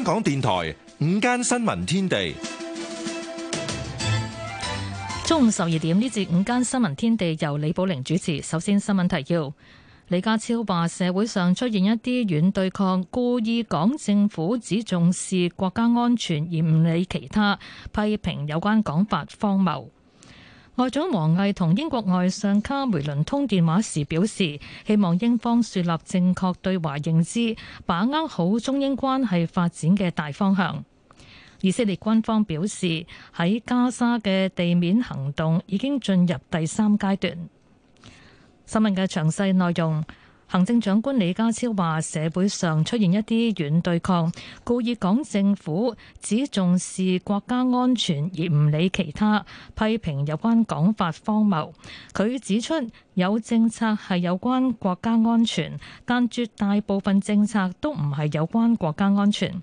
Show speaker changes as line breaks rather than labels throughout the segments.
香港電台午間新聞天地，
中午十二點，呢節午間新聞天地由李寶玲主持。首先新聞提要：李家超話，社會上出現一啲軟對抗，故意講政府只重視國家安全而唔理其他，批評有關講法荒謬。外長王毅同英國外相卡梅倫通電話時表示，希望英方樹立正確對華認知，把握好中英關係發展嘅大方向。以色列軍方表示，喺加沙嘅地面行動已經進入第三階段。新聞嘅詳細內容。行政長官李家超話：社會上出現一啲軟對抗，故意講政府只重視國家安全而唔理其他，批評有關講法荒謬。佢指出，有政策係有關國家安全，但絕大部分政策都唔係有關國家安全。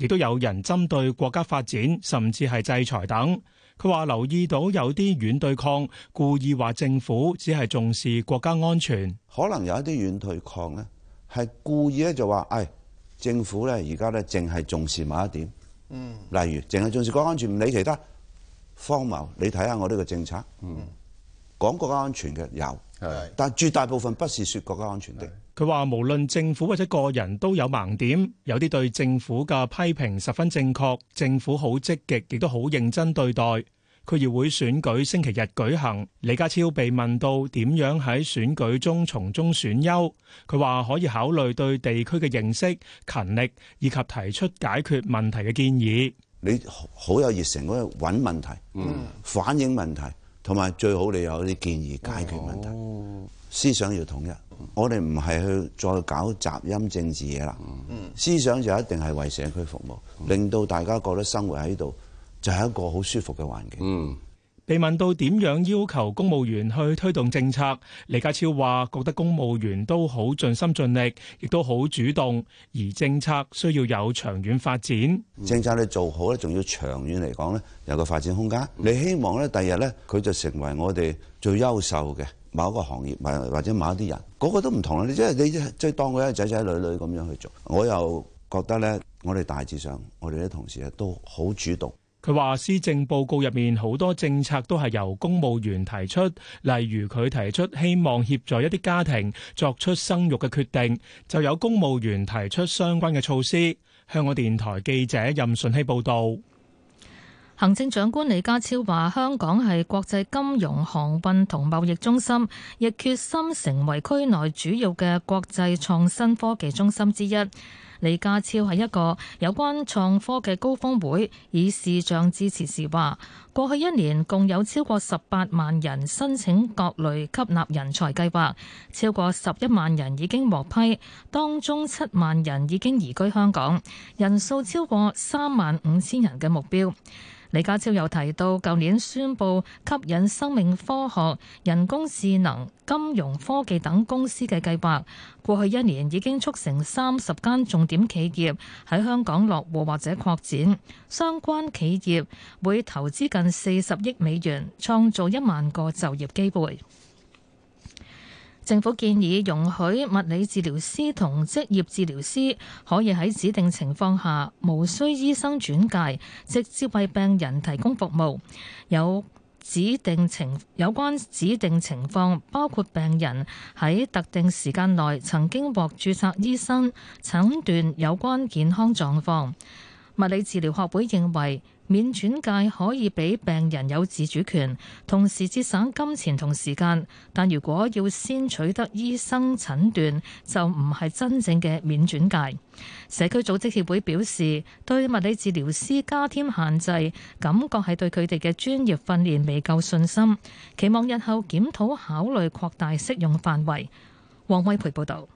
亦都有人針對國家發展，甚至係制裁等。佢話留意到有啲軟對抗，故意話政府只係重視國家安全。
可能有一啲軟對抗咧，係故意咧就話，誒政府咧而家咧淨係重視某一點，嗯，例如淨係重視國家安全，唔理其他，荒謬。你睇下我呢個政策，嗯，講國家安全嘅有，係，但絕大部分不是說國家安全的。
佢話無論政府或者個人都有盲點，有啲對政府嘅批評十分正確，政府好積極，亦都好認真對待。區議會選舉星期日舉行，李家超被問到點樣喺選舉中從中選優，佢話可以考慮對地區嘅認識、勤力，以及提出解決問題嘅建議。
你好有熱誠，嗰個揾問題，嗯，反映問題，同埋最好你有啲建議解決問題。嗯思想要統一，嗯、我哋唔係去再搞雜音政治嘢啦、嗯。思想就一定係為社區服務、嗯，令到大家覺得生活喺度就係一個好舒服嘅環境。嗯。
被問到點樣要求公務員去推動政策，李家超話覺得公務員都好盡心盡力，亦都好主動，而政策需要有長遠發展、
嗯。政策你做好咧，仲要長遠嚟講咧，有個發展空間。你希望咧，第日咧，佢就成為我哋最優秀嘅。某一個行業，或者某一啲人，個個都唔同。你即係你即係當佢係仔仔女女咁樣去做，我又覺得呢，我哋大致上，我哋啲同事都好主動。
佢話施政報告入面好多政策都係由公務員提出，例如佢提出希望協助一啲家庭作出生育嘅決定，就有公務員提出相關嘅措施。香港電台記者任順希報道。
行政長官李家超話：香港係國際金融、航運同貿易中心，亦決心成為區內主要嘅國際創新科技中心之一。李家超喺一個有關創科嘅高峰會，以視像支持時話：過去一年共有超過十八萬人申請各類吸納人才計劃，超過十一萬人已經獲批，當中七萬人已經移居香港，人數超過三萬五千人嘅目標。李家超又提到，舊年宣佈吸引生命科學、人工智能、金融科技等公司嘅計劃，過去一年已經促成三十間重點企業喺香港落戶或者擴展，相關企業會投資近四十億美元，創造一萬個就業機會。政府建議容許物理治療師同職業治療師可以喺指定情況下，無需醫生轉介，直接為病人提供服務。有指定情有關指定情況，包括病人喺特定時間內曾經獲註冊醫生，診斷有關健康狀況。物理治療學會認為，免轉介可以俾病人有自主權，同時節省金錢同時間。但如果要先取得醫生診斷，就唔係真正嘅免轉介。社區組織協會表示，對物理治療師加添限制，感覺係對佢哋嘅專業訓練未夠信心，期望日後檢討考慮擴大擴大適用範圍。黃惠培報導。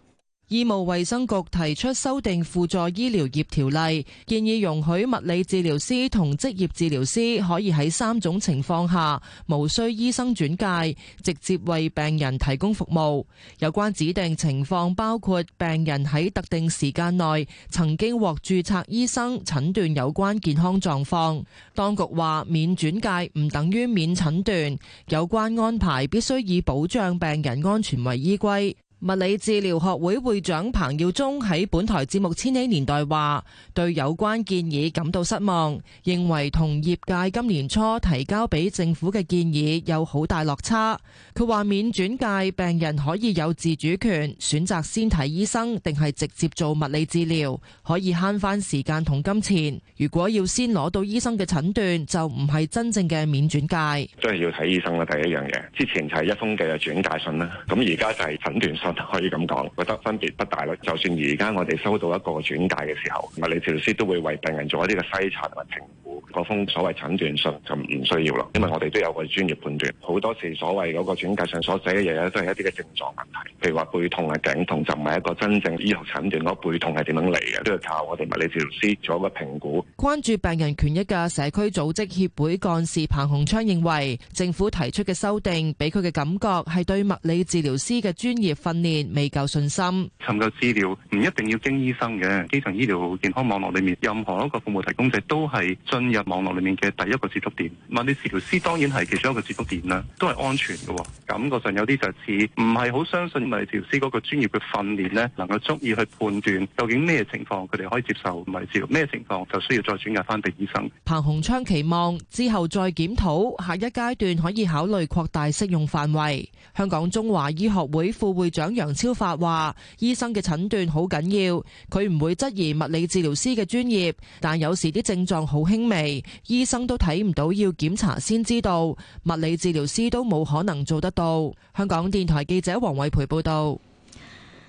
醫務衛生局
提出修訂輔助醫療業條例，建議容許物理治療師同職業治療師可以喺三種情況下無需醫生轉介，直接為病人提供服務。有關指定情況包括病人喺特定時間內曾經獲注冊醫生診斷有關健康狀況。當局話免轉介唔等於免診斷，有關安排必須以保障病人安全為依歸。物理治療學會會長彭耀忠喺本台節目《千禧年代》話對有關建議感到失望，認為同業界今年初提交俾政府嘅建議有好大落差。佢話免轉介病人可以有自主權選擇先睇醫生定係直接做物理治療可以慳翻時間同金錢，如果要先攞到醫生嘅診斷就唔係真正嘅免轉介。
真係要睇醫生啦，第一樣嘢之前就係一封嘅轉介信啦，咁而家就係診斷信。可以咁講，覺得分別不大咯。就算而家我哋收到一個轉介嘅時候，物理治療師都會為病人做一啲嘅篩查同埋評估，嗰封所謂診斷信就唔需要啦，因為我哋都有個專業判斷。好多時所謂嗰個轉介上所寫嘅嘢咧，都係一啲嘅症狀問題，譬如話背痛啊、頸痛，就唔係一個真正醫學診斷嗰、嗰個、背痛係點樣嚟嘅，都要靠我哋物理治療師做一個評估。
關注病人權益嘅社區組織協會幹事彭洪昌認為，政府提出嘅修訂俾佢嘅感覺係對物理治療師嘅專業訓練未夠信心，
尋求治療唔一定
要經醫生嘅基層醫療健康網絡裏面，任何一個服務提供者，都係進入網絡裏面嘅第一個接觸點。物理治療師當然係其中一個接觸點啦，都係安全嘅。感覺上有啲就似唔係好相信物理治療師嗰個專業嘅訓練呢，能夠足以去判斷究竟咩情況佢哋可以接受物理治療，咩情況就需要再轉介翻俾醫生。
彭洪昌期望之後再檢討，下一階段可以考慮擴大適用範圍。香港中華醫學會副會長。楊超發話：醫生嘅診斷好緊要，佢唔會質疑物理治療師嘅專業。但有時啲症狀好輕微，醫生都睇唔到，要檢查先知道，物理治療師都冇可能做得到。
香港電台記者黃偉培報道：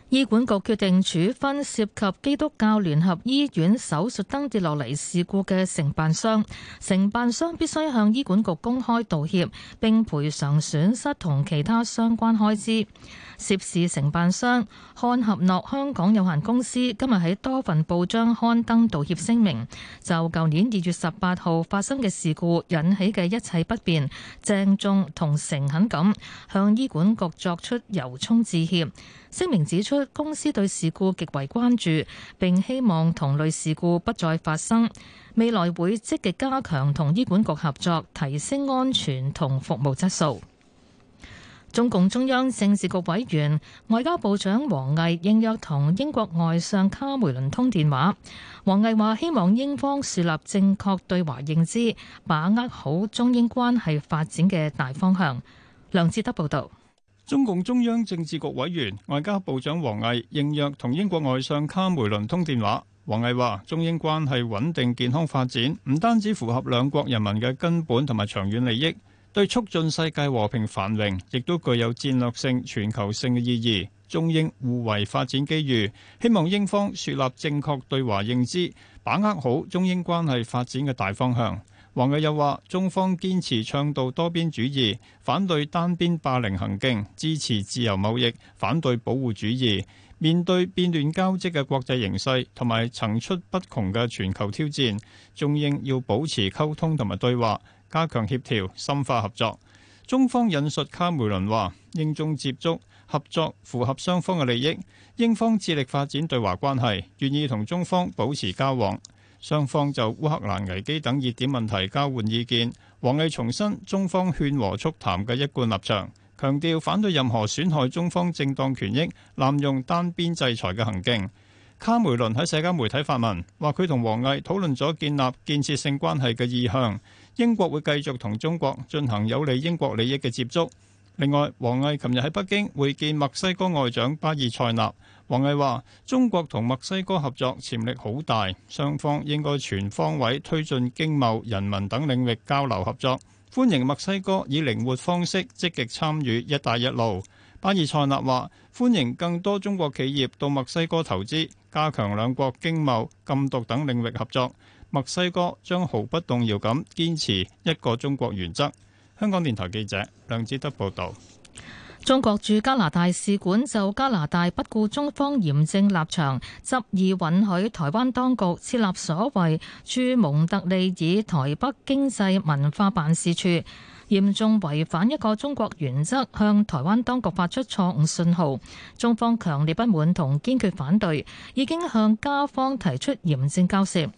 醫管局決定處分涉及基督教聯合醫院手術燈跌落嚟事故嘅承辦商，承辦商必須向醫管局公開道歉，並賠償損失同其他相關開支。涉事承辦商漢合諾香港有限公司今日喺多份報章刊登道歉聲明，就舊年二月十八號發生嘅事故引起嘅一切不便，鄭重同誠懇咁，向醫管局作出由衷致歉。聲明指出，公司對事故極為關注，並希望同類事故不再發生。未來會積極加強同醫管局合作，提升安全同服務質素。中共中央政治局委員外交部長王毅應約同英國外相卡梅倫通電話。王毅話：希望英方樹立正確對華認知，把握好中英關係發展嘅大方向。梁志德報道。
中共中央政治局委員外交部長王毅應約同英國外相卡梅倫通電話。王毅話：中英關係穩定健康發展，唔單止符合兩國人民嘅根本同埋長遠利益。對促進世界和平繁榮，亦都具有戰略性、全球性嘅意義。中英互為發展機遇，希望英方樹立正確對華認知，把握好中英關係發展嘅大方向。王毅又話：中方堅持倡導多邊主義，反對單邊霸凌行徑，支持自由貿易，反對保護主義。面對變亂交織嘅國際形勢同埋層出不窮嘅全球挑戰，中英要保持溝通同埋對話。加強協調、深化合作。中方引述卡梅倫話：英中接觸合作符合雙方嘅利益。英方致力發展對華關係，願意同中方保持交往。雙方就烏克蘭危機等熱點問題交換意見。王毅重申中方勸和促談嘅一貫立場，強調反對任何損害中方正當權益、濫用單邊制裁嘅行徑。卡梅倫喺社交媒體發文，話佢同王毅討論咗建立建設性關係嘅意向。英國會繼續同中國進行有利英國利益嘅接觸。另外，王毅琴日喺北京會見墨西哥外長巴爾塞納。王毅話：中國同墨西哥合作潛力好大，雙方應該全方位推進經貿、人民等領域交流合作，歡迎墨西哥以靈活方式積極參與「一帶一路」。巴爾塞納話：歡迎更多中國企業到墨西哥投資，加強兩國經貿、禁毒等領域合作。墨西哥將毫不動搖咁堅持一個中國原則。香港電台記者梁志德報道，
中國駐加拿大使館就加拿大不顧中方嚴正立場，執意允許台灣當局設立所謂駐蒙特利爾台北經濟文化辦事處，嚴重違反一個中國原則，向台灣當局發出錯誤信號。中方強烈不滿同堅決反對，已經向加方提出嚴正交涉。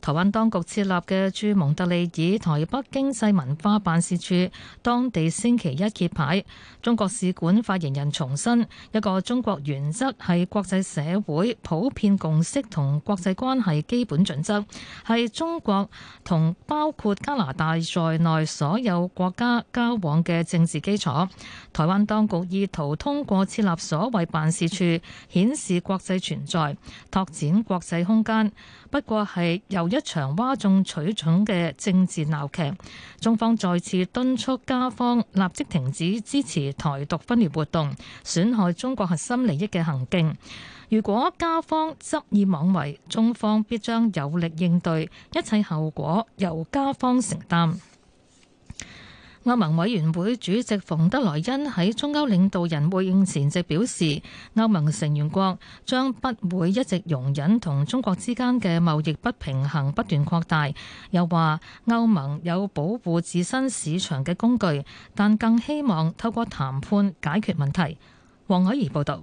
台灣當局設立嘅駐蒙特利爾台北經濟文化辦事處，當地星期一揭牌。中國使館發言人重申，一個中國原則係國際社會普遍共識同國際關係基本準則，係中國同包括加拿大在內所有國家交往嘅政治基礎。台灣當局意圖通過設立所謂辦事處，顯示國際存在，拓展國際空間，不過係。又一場嘩眾取寵嘅政治鬧劇，中方再次敦促加方立即停止支持台獨分裂活動、損害中國核心利益嘅行徑。如果加方執意妄為，中方必將有力應對，一切後果由加方承擔。歐盟委員會主席馮德萊恩喺中歐領導人會議前夕表示，歐盟成員國將不會一直容忍同中國之間嘅貿易不平衡不斷擴大。又話歐盟有保護自身市場嘅工具，但更希望透過談判解決問題。黃海怡報道。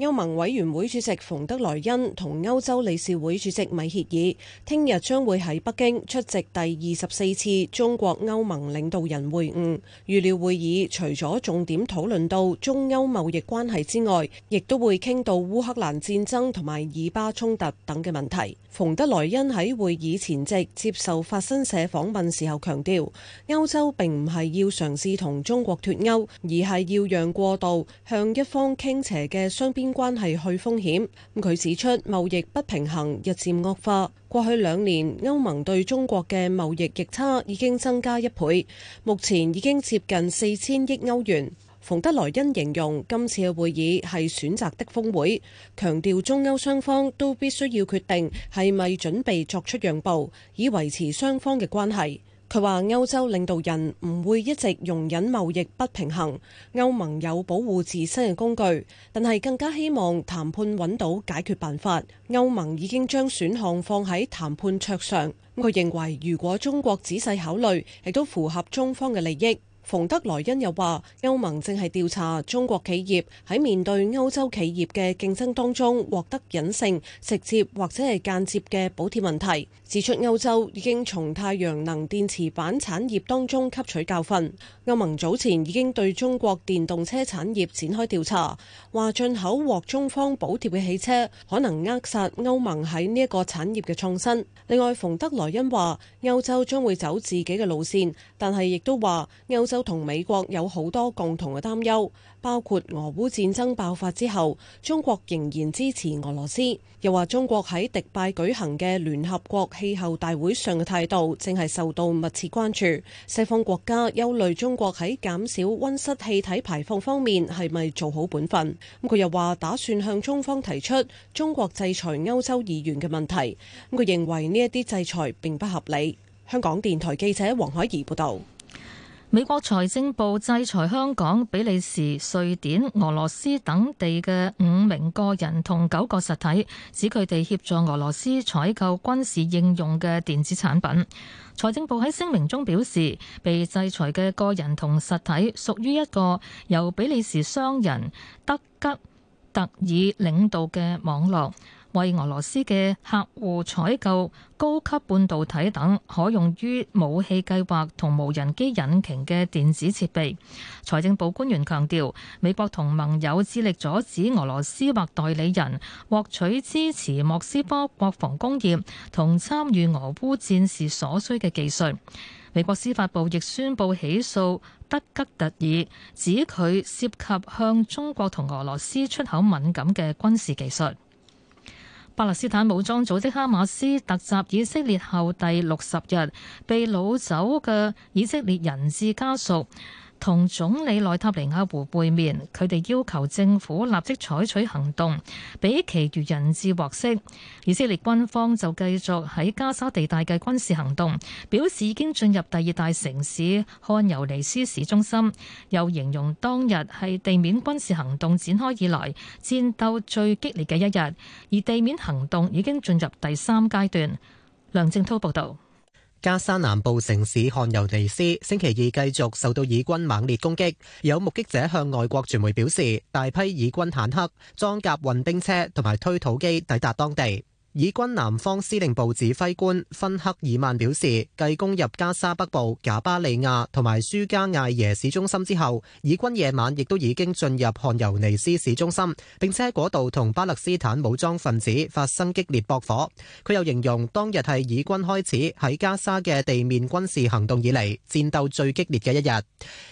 歐盟委員會主席馮德萊恩同歐洲理事會主席米歇爾聽日將會喺北京出席第二十四次中國歐盟領導人會晤，預料會議除咗重點討論到中歐貿易關係之外，亦都會傾到烏克蘭戰爭同埋以巴衝突等嘅問題。馮德萊恩喺會議前夕接受法新社訪問時候強調，歐洲並唔係要嘗試同中國脫歐，而係要讓過度向一方傾斜嘅雙邊關係去風險。咁佢指出，貿易不平衡日漸惡化，過去兩年歐盟對中國嘅貿易逆差已經增加一倍，目前已經接近四千億歐元。馮德萊恩形容今次嘅會議係選擇的峰會，強調中歐雙方都必須要決定係咪準備作出讓步，以維持雙方嘅關係。佢話歐洲領導人唔會一直容忍貿易不平衡，歐盟有保護自身嘅工具，但係更加希望談判揾到解決辦法。歐盟已經將選項放喺談判桌上，佢認為如果中國仔細考慮，亦都符合中方嘅利益。馮德萊恩又話：歐盟正係調查中國企業喺面對歐洲企業嘅競爭當中獲得隱性、直接或者係間接嘅補貼問題。指出，歐洲已經從太陽能電池板產業當中吸取教訓，歐盟早前已經對中國電動車產業展開調查，話進口獲中方補貼嘅汽車可能扼殺歐盟喺呢一個產業嘅創新。另外，馮德萊恩話歐洲將會走自己嘅路線，但係亦都話歐洲同美國有好多共同嘅擔憂。包括俄烏戰爭爆發之後，中國仍然支持俄羅斯。又話中國喺迪拜舉行嘅聯合國氣候大會上嘅態度正係受到密切關注，西方國家憂慮中國喺減少溫室氣體排放方面係咪做好本分。咁佢又話打算向中方提出中國制裁歐洲議員嘅問題。咁佢認為呢一啲制裁並不合理。香港電台記
者黃海怡報導。美國財政部制裁香港、比利時、瑞典、俄羅斯等地嘅五名個人同九個實體，指佢哋協助俄羅斯採購軍事應用嘅電子產品。財政部喺聲明中表示，被制裁嘅個人同實體屬於一個由比利時商人德吉特爾領導嘅網絡。為俄羅斯嘅客戶採購高級半導體等可用於武器計劃同無人機引擎嘅電子設備。財政部官員強調，美國同盟友致力阻止俄羅斯或代理人獲取支持莫斯科國防工業同參與俄烏戰事所需嘅技術。美國司法部亦宣佈起訴德吉特爾，指佢涉及向中國同俄羅斯出口敏感嘅軍事技術。巴勒斯坦武裝組織哈馬斯突襲以色列後第六十日，被擄走嘅以色列人質家屬同總理內塔尼亞胡會面，佢哋要求政府立即採取行動，俾其餘人質獲釋。以色列軍方就繼續喺加沙地帶嘅軍事行動，表示已經進入第二大城市漢尤尼斯市中心，又形容當日係地面軍事行動展開以來戰鬥最激烈嘅一日，而地面行動已經進入第三階段。梁正濤報道。
加沙南部城市漢尤尼斯星期二繼續受到以軍猛烈攻擊，有目擊者向外國傳媒表示，大批以軍坦克、裝甲運兵車同埋推土機抵達當地。以軍南方司令部指揮官芬克爾曼表示，繼攻入加沙北部賈巴利亞同埋舒加艾耶市中心之後，以軍夜晚亦都已經進入漢尤尼斯市中心，並且喺嗰度同巴勒斯坦武裝分子發生激烈駁火。佢又形容當日係以軍開始喺加沙嘅地面軍事行動以嚟戰鬥最激烈嘅一日。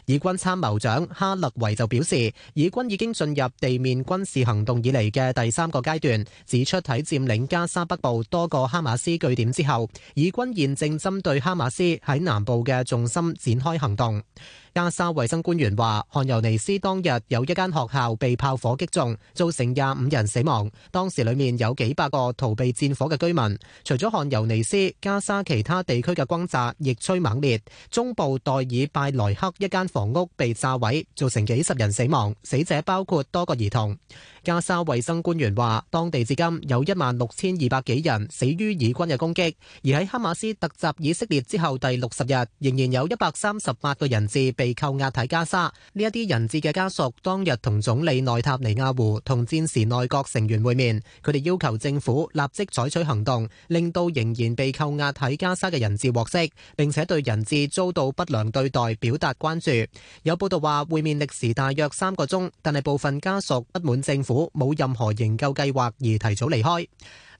以軍參謀長哈勒維就表示，以軍已經進入地面軍事行動以嚟嘅第三個階段，指出喺佔領加沙北部多個哈馬斯據點之後，以軍現正針對哈馬斯喺南部嘅重心展開行動。加沙衛生官員話，漢尤尼斯當日有一間學校被炮火擊中，造成廿五人死亡。當時裏面有幾百個逃避戰火嘅居民。除咗漢尤尼斯，加沙其他地區嘅轟炸亦趨猛烈。中部代爾拜萊克一間房屋被炸毀，造成幾十人死亡，死者包括多個兒童。加沙衛生官員話，當地至今有一萬六千二百幾人死於以軍嘅攻擊，而喺哈馬斯突襲以色列之後第六十日，仍然有一百三十八個人質。被扣押喺加沙呢一啲人質嘅家屬當日同總理內塔尼亞胡同戰時內閣成員會面，佢哋要求政府立即採取行動，令到仍然被扣押喺加沙嘅人質獲釋，並且對人質遭到不良對待表達關注。有報道話會面歷時大約三個鐘，但係部分家屬不滿政府冇任何營救計劃而提早離開。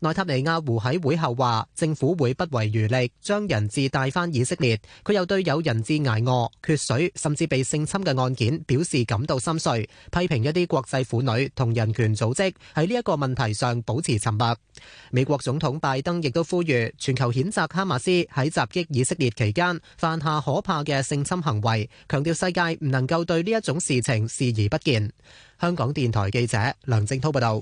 內塔尼亞胡喺會後話，政府會不遺餘力將人質帶返以色列。佢又對有人質挨餓、缺水，甚至被性侵嘅案件表示感到心碎，批評一啲國際婦女同人權組織喺呢一個問題上保持沉默。美國總統拜登亦都呼籲全球譴責哈馬斯喺襲擊以色列期間犯下可怕嘅性侵行為，強調世界唔能夠對呢一種事情視而不見。
香港電台記者梁正濤報道。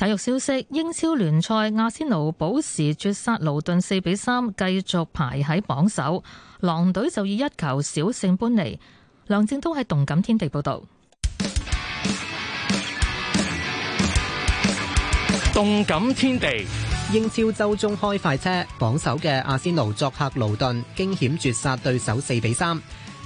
體育消息：英超聯賽，阿仙奴保時絕殺盧頓四比三，繼續排喺榜首。狼隊就以一球小勝搬離。梁正東喺動感天地報道。
動感天地，英超周中開快車，榜首嘅阿仙奴作客盧頓，驚險絕殺對手四比三。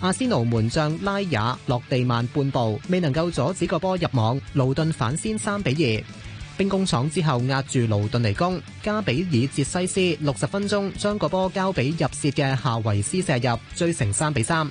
阿仙奴門將拉也落地慢半步，未能夠阻止個波入網，勞頓反先三比二。兵工廠之後壓住勞頓嚟攻，加比爾捷西斯六十分鐘將個波交俾入射嘅夏維斯射入，追成三比三。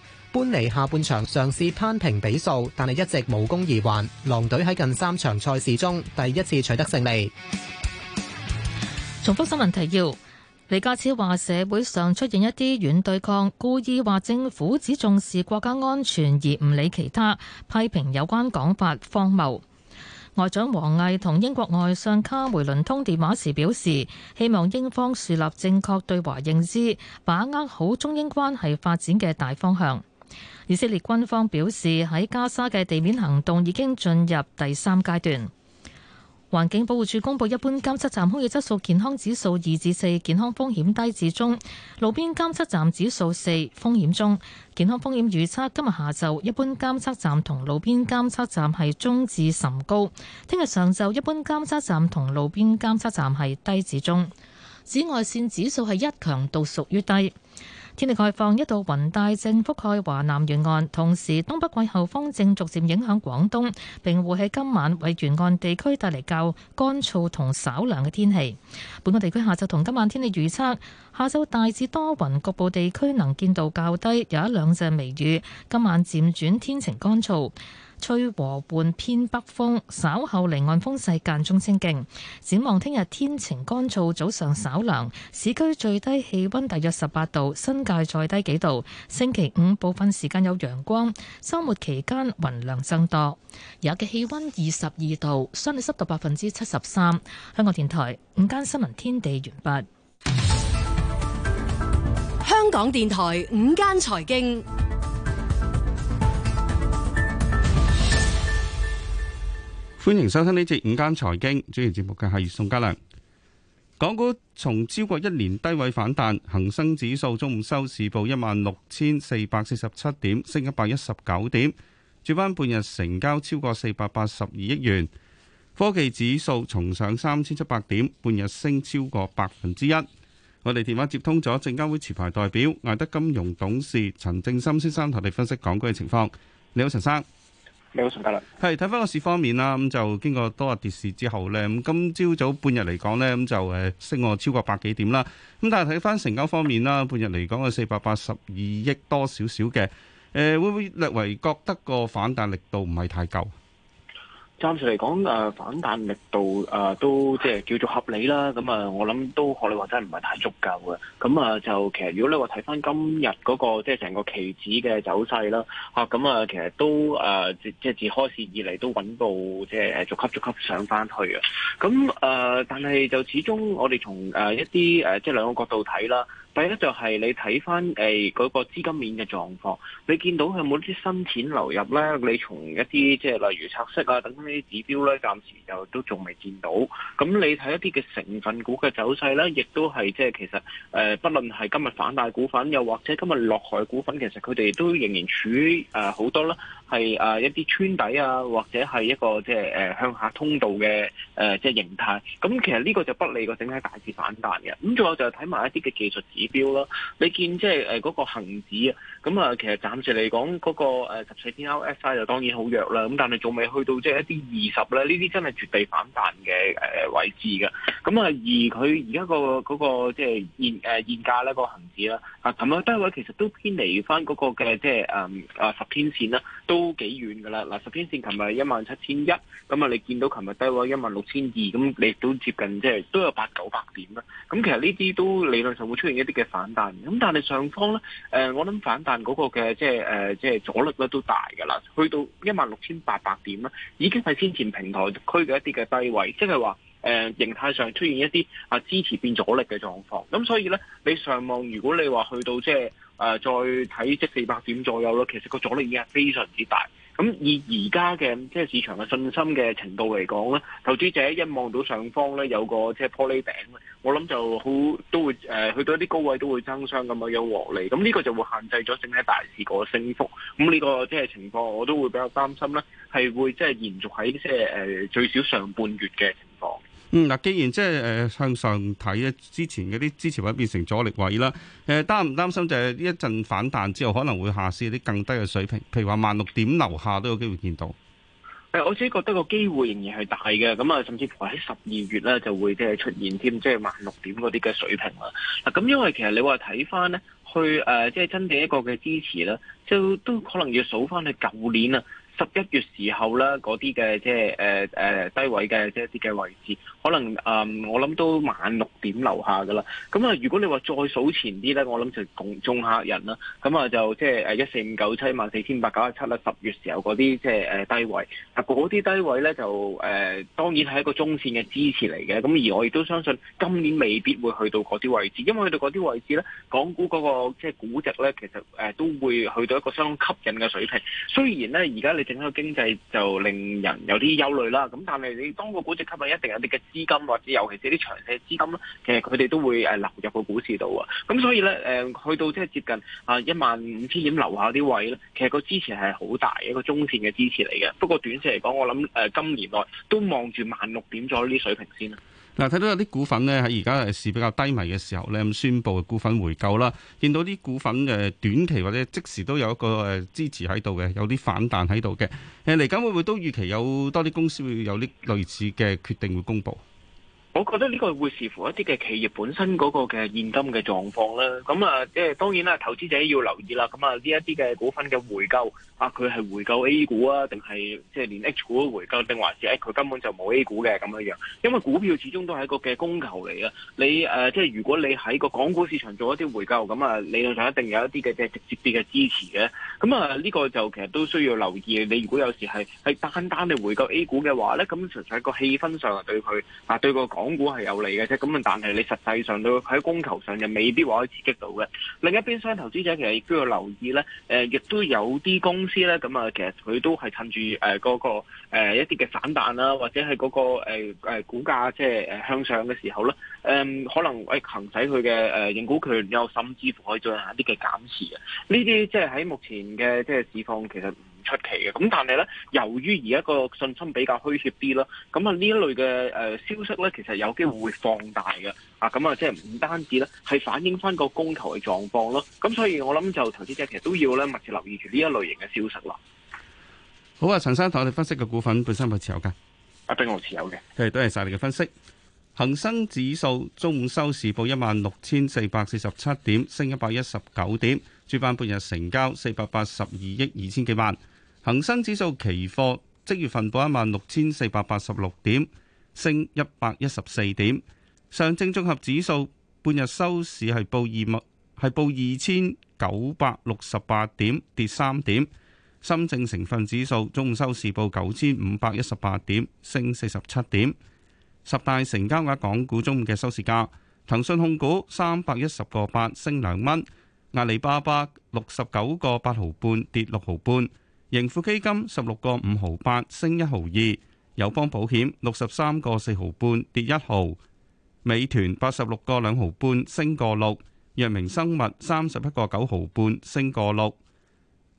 搬離下半場，嘗試攀平比數，但係一直無功而還。狼隊喺近三場賽
事中第一次取得勝利。重複新聞提要：李家超話，社會上出現一啲軟對抗，故意話政府只重視國家安全而唔理其他，批評有關講法荒謬。外長王毅同英國外相卡梅倫通電話時表示，希望英方樹立正確對華認知，把握好中英關係發展嘅大方向。以色列軍方表示，喺加沙嘅地面行動已經進入第三階段。環境保護署公布一般監測站空氣質素健康指數二至四，健康風險低至中；路邊監測站指數四，風險中。健康風險預測今日下晝一般監測站同路邊監測站係中至甚高；聽日上晝一般監測站同路邊監測站係低至中。紫外線指數係一，強度屬於低。天氣概況，一道雲帶正覆蓋華南沿岸，同時東北季候風正逐漸影響廣東，並會喺今晚為沿岸地區帶嚟較乾燥同稍涼嘅天氣。本港地區下晝同今晚天氣預測：下晝大致多雲，局部地區能見度較低，有一兩陣微雨；今晚漸轉天晴乾燥。吹和緩偏北風，稍後離岸風勢間中清勁。展望聽日天晴乾燥，早上稍涼，市區最低氣溫大約十八度，新界再低幾度。星期五部分時間有陽光，周末期間雲量增多。日嘅氣溫二十二度，相對濕度百分之七十三。香港電台午間新聞天地完畢。香港電台午間財經。
歡迎收聽呢節午間財經，主持節目嘅係宋家良。港股從超過一年低位反彈，恒生指數中午收市報一萬六千四百四十七點，升一百一十九點。主板半日成交超過四百八十二億元。科技指數重上三千七百點，半日升超過百分之一。我哋電話接通咗證監會持牌代表艾德金融董事陳正森先生，同你分析港股嘅情況。你好，陳生。你好，陳德係睇翻個市方面啦，咁、嗯、就經過多日跌市之後咧，咁今朝早，早半日嚟講咧，咁、嗯、就誒升過超過百幾點啦。咁、嗯、但係睇翻成交方面啦，半日嚟講嘅四百八十二億多少少嘅誒，會唔會略為覺得個反彈力度唔係太夠？
暫時嚟講、呃，反彈力度誒、呃、都即係叫做合理啦。咁啊，我諗都學你話齋唔係太足夠嘅。咁啊，就其實如果你話睇翻今日嗰、嗰個即係成個期指嘅走勢啦，咁啊，其實都誒即係自開始以嚟都穩步即係逐級逐級上翻去啊。咁誒，但係就始終我哋從一啲即係兩個角度睇啦。第一就係你睇翻誒嗰個資金面嘅狀況，你見到佢冇啲新錢流入咧？你從一啲即係例如拆息啊等等啲指標咧，暫時就都仲未見到。咁你睇一啲嘅成分股嘅走勢咧，亦都係即係其實誒，不論係今日反大股份，又或者今日落海股份，其實佢哋都仍然處於好多啦，係誒一啲穿底啊，或者係一個即係向下通道嘅誒即係形態。咁其實呢個就不利個整體大市反彈嘅。咁仲有就係睇埋一啲嘅技術指。指標咯，你見即係誒嗰個恆指啊，咁啊其實暫時嚟講嗰個十四天 RSI 就當然好弱啦，咁但係仲未去到即係一啲二十咧，呢啲真係絕地反彈嘅誒位置嘅。咁啊而佢而家個嗰、嗰個即係現誒現價咧個恒指啦，啊琴日低位其實都偏離翻嗰個嘅即係誒啊十天線啦，都幾遠㗎啦。嗱十天線琴日係一萬七千一，咁啊你見到琴日低位一萬六千二，咁你都接近即係都有八九百點啦。咁其實呢啲都理論上會出現一啲嘅反彈，咁但係上方咧，誒，我諗反彈嗰個嘅即係誒，即、呃、係阻力咧都大㗎喇，去到一萬六千八百點咧，已經係先前平台區嘅一啲嘅低位，即係話誒形態上出現一啲啊支持變阻力嘅狀況，咁所以咧，你上望如果你話去到即係誒再睇即四百點左右咯，其實個阻力已經係非常之大。咁以而家嘅即係市場嘅信心嘅程度嚟講咧，投資者一望到上方咧有個即係玻璃頂咧，我諗就好都會誒去到一啲高位都會爭相咁樣有獲利，咁呢個就會限制咗整體大市個升幅。咁呢、這個即係、就是、情況我都會比較擔心咧，係會即係、就是、延續喺即係誒最少上半月嘅。
嗯，嗱，既然即係誒向上睇咧，之前嗰啲支持位變成阻力位啦。誒、呃、擔唔擔心就係呢一陣反彈之後可能會下試啲更低嘅水平，譬如話萬六點樓下都有機會見到。
誒、嗯，我自己覺得個機會仍然係大嘅，咁啊，甚至乎喺十二月咧就會即係出現添，即係萬六點嗰啲嘅水平啦。嗱，咁因為其實你話睇翻咧，去誒即係真正一個嘅支持啦，就都可能要數翻去舊年啊。十一月時候咧，嗰啲嘅即係誒誒低位嘅即係一啲嘅位置，可能誒、呃、我諗都萬六點樓下噶啦。咁啊，如果你話再數前啲咧，我諗就共中客人啦。咁啊就即係誒一四五九七萬四千八九十七啦。十月時候嗰啲即係誒低位，嗱嗰啲低位咧就誒、呃、當然係一個中線嘅支持嚟嘅。咁而我亦都相信今年未必會去到嗰啲位置，因為去到嗰啲位置咧，港股嗰個即係估值咧，其實誒都會去到一個相當吸引嘅水平。雖然咧，而家你，整個經濟就令人有啲憂慮啦，咁但係你當個股值吸引一定有啲嘅資金，或者尤其是啲長期資金，其實佢哋都會誒流入個股市度啊。咁所以呢，誒，去到即係接近啊一萬五千點樓下啲位呢，其實個支持係好大一個中線嘅支持嚟嘅。不過短線嚟講，我諗誒今年內都望住萬六點左右啲水平先啦。
嗱，睇到有啲股份咧，喺而家誒市比較低迷嘅時候咧，咁宣布股份回購啦，見到啲股份嘅短期或者即時都有一個誒支持喺度嘅，有啲反彈喺度嘅。誒嚟緊會唔會都預期有多啲公司會有啲類似嘅決定會公布？
我覺得呢個會視乎一啲嘅企業本身嗰個嘅現金嘅狀況啦。咁啊，即係當然啦，投資者要留意啦。咁啊，呢一啲嘅股份嘅回購啊，佢係回購 A 股啊，定係即係連 H 股都回購，定還是佢、哎、根本就冇 A 股嘅咁樣樣，因為股票始終都係一個嘅供求嚟嘅。你誒、呃，即係如果你喺個港股市場做一啲回購，咁啊，理論上一定有一啲嘅即係直接啲嘅支持嘅。咁啊，呢、這個就其實都需要留意。你如果有時係係單單地回購 A 股嘅話呢，咁純粹係個氣氛上對佢啊，對個港。港股係有利嘅啫，咁啊，但係你實際上到喺供求上就未必話可以刺激到嘅。另一邊，商投資者其實亦都要留意咧，誒、呃，亦都有啲公司咧，咁、呃、啊，其實佢都係趁住誒嗰個一啲嘅反彈啦，或者係嗰、那個誒、呃、股價即係誒向上嘅時候咧，誒、呃、可能誒行使佢嘅誒認股權又甚至乎可以進行一啲嘅減持嘅。呢啲即係喺目前嘅即係市況，其實。出奇嘅，咁但係咧，由於而家個信心比較虛怯啲咯，咁啊呢一類嘅誒消息咧，其實有機會會放大嘅，啊，咁啊即係唔單止咧，係反映翻個供求嘅狀況咯，咁所以我諗就投資者其實都要咧密切留意住呢一類型嘅消息啦。
好啊，陳生同我哋分析嘅股份本身係持有噶，
阿炳我持有
嘅，多謝晒你嘅分析。恒生指數中午收市報一萬六千四百四十七點，升一百一十九點。主板半日成交四百八十二億二千幾萬。恒生指數期貨即月份報一萬六千四百八十六點，升一百一十四點。上證綜合指數半日收市係報二萬，係報二千九百六十八點，跌三點。深證成分指數中午收市報九千五百一十八點，升四十七點。十大成交額港股中午嘅收市價：騰訊控股三百一十個八升兩蚊，阿里巴巴六十九個八毫半跌六毫半，盈富基金十六個五毫八升一毫二，友邦保險六十三個四毫半跌一毫，美團八十六個兩毫半升個六，藥明生物三十一個九毫半升個六，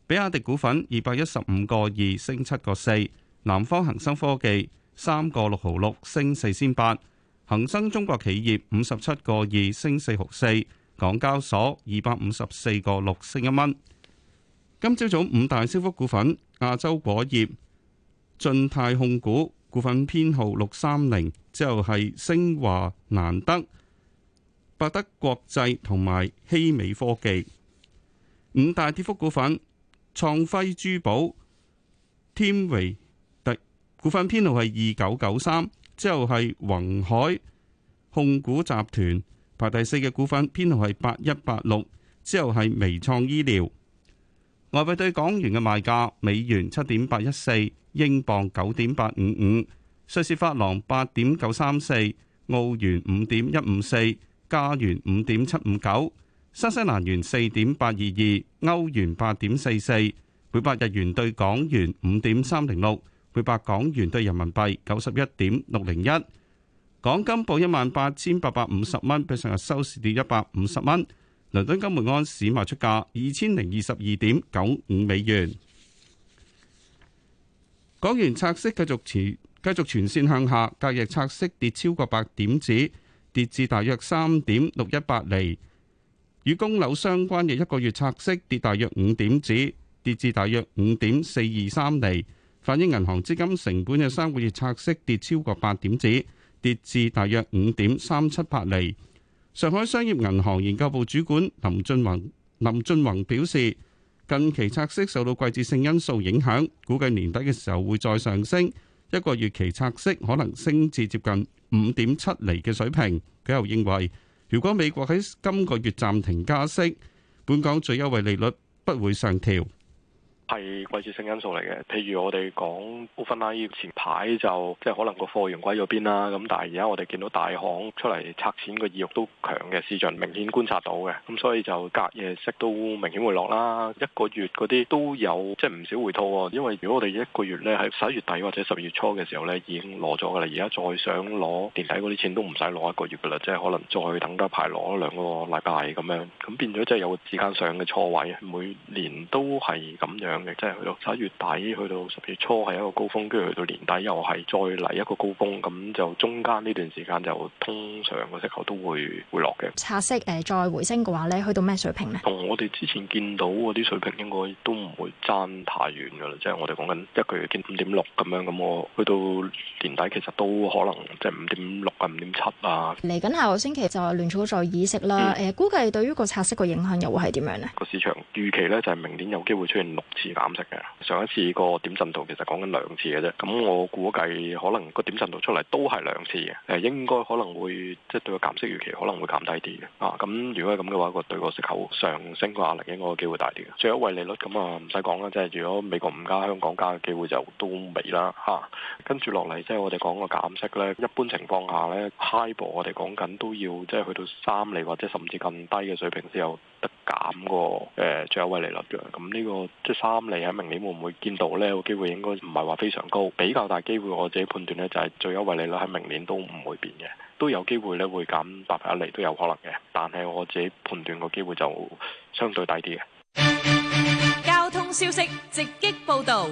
比亞迪股份二百一十五個二升七個四，南方恒生科技。三個六毫六升四仙八，恒生中國企業五十七個二升四毫四，港交所二百五十四個六升一蚊。今朝早五大升幅股份：亞洲果業、晉泰控股股份編號六三零，之後係星華難得、百德國際同埋希美科技。五大跌幅股份：創輝珠寶、天維。股份編號係二九九三，之後係宏海控股集團，排第四嘅股份編號係八一八六，之後係微創醫療。外幣對港元嘅賣價：美元七點八一四，英鎊九點八五五，瑞士法郎八點九三四，澳元五點一五四，加元五點七五九，新西蘭元四點八二二，歐元八點四四，每百日元對港元五點三零六。每百港元兌人民幣九十一點六零一，港金報一萬八千八百五十蚊，比上日收市跌一百五十蚊。倫敦金每安市賣出價二千零二十二點九五美元。港元拆息繼續持繼續全線向下，隔日拆息跌超過百點子，跌至大約三點六一八厘。與供樓相關嘅一個月拆息跌大約五點子，跌至大約五點四二三厘。反映銀行資金成本嘅三個月拆息跌超過八點子，跌至大約五點三七八厘。上海商業銀行研究部主管林俊宏林俊宏表示，近期拆息受到季節性因素影響，估計年底嘅時候會再上升。一個月期拆息可能升至接近五點七厘嘅水平。佢又認為，如果美國喺今個月暫停加息，本港最優惠利率不會上調。係
季節性因素嚟嘅，譬如我哋講波芬拉前排就即係可能個貨源歸咗邊啦。咁但係而家我哋見到大行出嚟拆錢嘅意欲都強嘅，市場明顯觀察到嘅。咁所以就隔夜息都明顯會落啦。一個月嗰啲都有即係唔少回吐喎。因為如果我哋一個月咧喺十一月底或者十二月初嘅時候咧已經攞咗㗎啦，而家再想攞年底嗰啲錢都唔使攞一個月㗎啦，即係可能再等多排攞兩個禮拜咁樣。咁變咗即係有個時間上嘅錯位，每年都係咁樣。即係去到十一月底，去到十二月初係一個高峰，跟住去到年底又係再嚟一個高峰，咁就中間呢段時間就通常個息口都會回落嘅。
拆息誒，再回升嘅話咧，去到咩水平咧？
同我哋之前見到嗰啲水平，應該都唔會爭太遠噶啦。即係我哋講緊一個月見五點六咁樣，咁我去到年底其實都可能即係五點六啊，五點七啊。
嚟緊下個星期就聯儲再議息啦。誒、嗯呃，估計對於個拆息個影響又會係點樣咧？
個市場預期咧就係、是、明年有機會出現六。是減息嘅，上一次個點陣圖其實講緊兩次嘅啫，咁我估計可能個點陣圖出嚟都係兩次嘅，誒應該可能會即係對個減息預期可能會減低啲嘅。啊，咁如果係咁嘅話，個對個息口上升個壓力應該機會大啲嘅。最優惠利率咁啊，唔使講啦，即係如果美國唔加，香港加嘅機會就都未啦，嚇、啊。跟住落嚟即係我哋講個減息咧，一般情況下咧，HIBOR 我哋講緊都要即係去到三厘或者甚至更低嘅水平先有得減個誒，最優惠利率嘅，咁呢、呢個即三厘喺明年會唔會見到呢？個機會應該唔係話非常高，比較大機會我自己判斷呢，就係最優惠利率喺明年都唔會變嘅，都有機會咧會減一厘都有可能嘅，但係我自己判斷個機會就相對低啲嘅。
交通消息直擊報道。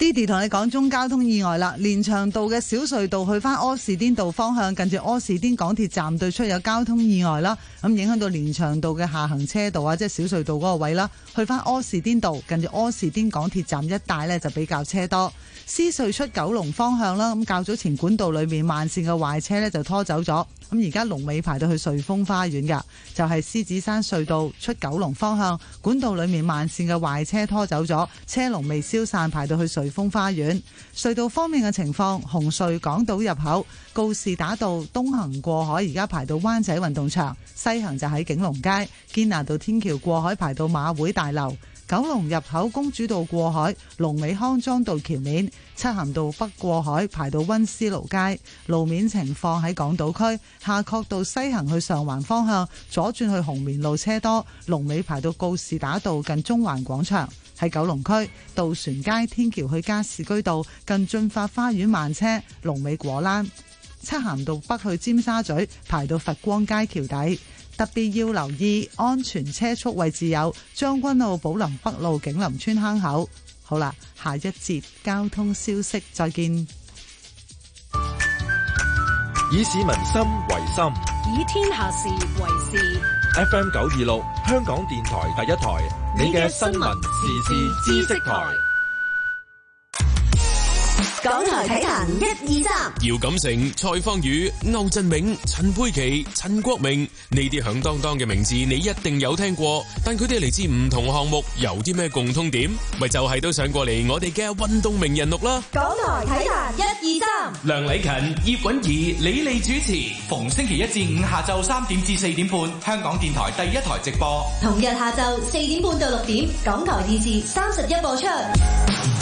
Didi 同你講中交通意外啦，連翔道嘅小隧道去翻柯士甸道方向，近住柯士甸港鐵站對出有交通意外啦，咁影響到連翔道嘅下行車道啊，即係小隧道嗰個位啦，去翻柯士甸道，近住柯士甸港鐵站一帶呢，就比較車多。獅隧出九龍方向啦，咁較早前管道裏面慢線嘅壞車呢，就拖走咗，咁而家龍尾排到去瑞峰花園噶，就係、是、獅子山隧道出九龍方向管道裏面慢線嘅壞車拖走咗，車龍未消散，排到去瑞峰花園。隧道方面嘅情況，紅隧港島入口告士打道東行過海，而家排到灣仔運動場；西行就喺景隆街堅拿道天橋過海，排到馬會大樓。九龍入口公主道過海，龍尾康莊道橋面；漆咸道北過海排到溫思勞街，路面情況喺港島區夏愨道西行去上環方向左轉去紅棉路車多，龍尾排到告士打道近中環廣場；喺九龍區渡船街天橋去加士居道近駿發花園慢車，龍尾果欄；漆咸道北去尖沙咀排到佛光街橋底。特別要留意安全車速位置有將軍澳寶林北路、景林村、坑口。好啦，下一節交通消息，再見。
以市民心為心，以天下事為事。
FM 九二六，香港電台第一台，你嘅新聞時事知識台。
港台體壇一二
三，姚錦成、蔡方宇、歐振永、陳佩琪、陳國明，呢啲響當當嘅名字你一定有聽過，但佢哋嚟自唔同項目，有啲咩共通點？咪就係都上過嚟我哋嘅運動名人錄啦！
港台體壇一二
三，梁禮勤、葉冠儀、李利主持，逢星期一至五下晝三點至四點半，香
港電台第一台直播，
同日下晝四點半到六點，港台電視三十一播出。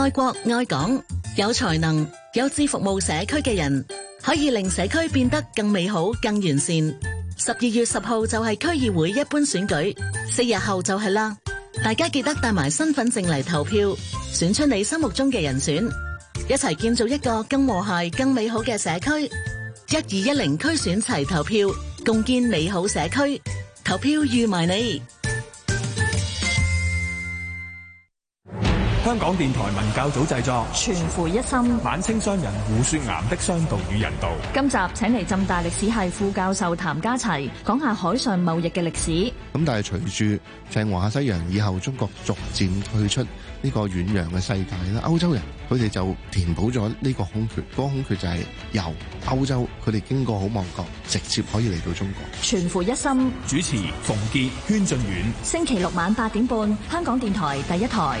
愛國愛港，有才能、有志服務社區嘅人，可以令社區變得更美好、更完善。十二月十號就係區議會一般選舉，四日後就係啦。大家記得帶埋身份證嚟投票，選出你心目中嘅人選，一齊建造一個更和諧、更美好嘅社區。一二一零區選齊投票，共建美好社區，投票預埋你。香
港電台文
教組製作《全乎一心》，晚清商人胡雪岩的商道與人道。
今集請嚟浸大歷史系副教授譚家齊講下海上貿易嘅歷史。
咁但係，隨住鄭和下西洋以後，中國逐漸退出呢個遠洋嘅世界啦。歐洲人佢哋就填補咗呢個空缺，嗰、那個、空缺就係由歐洲佢
哋經過好望角，直接可以嚟到中國。
全乎一心
主持馮傑、軒
俊遠，
星期六晚八點半，香港電台第一台。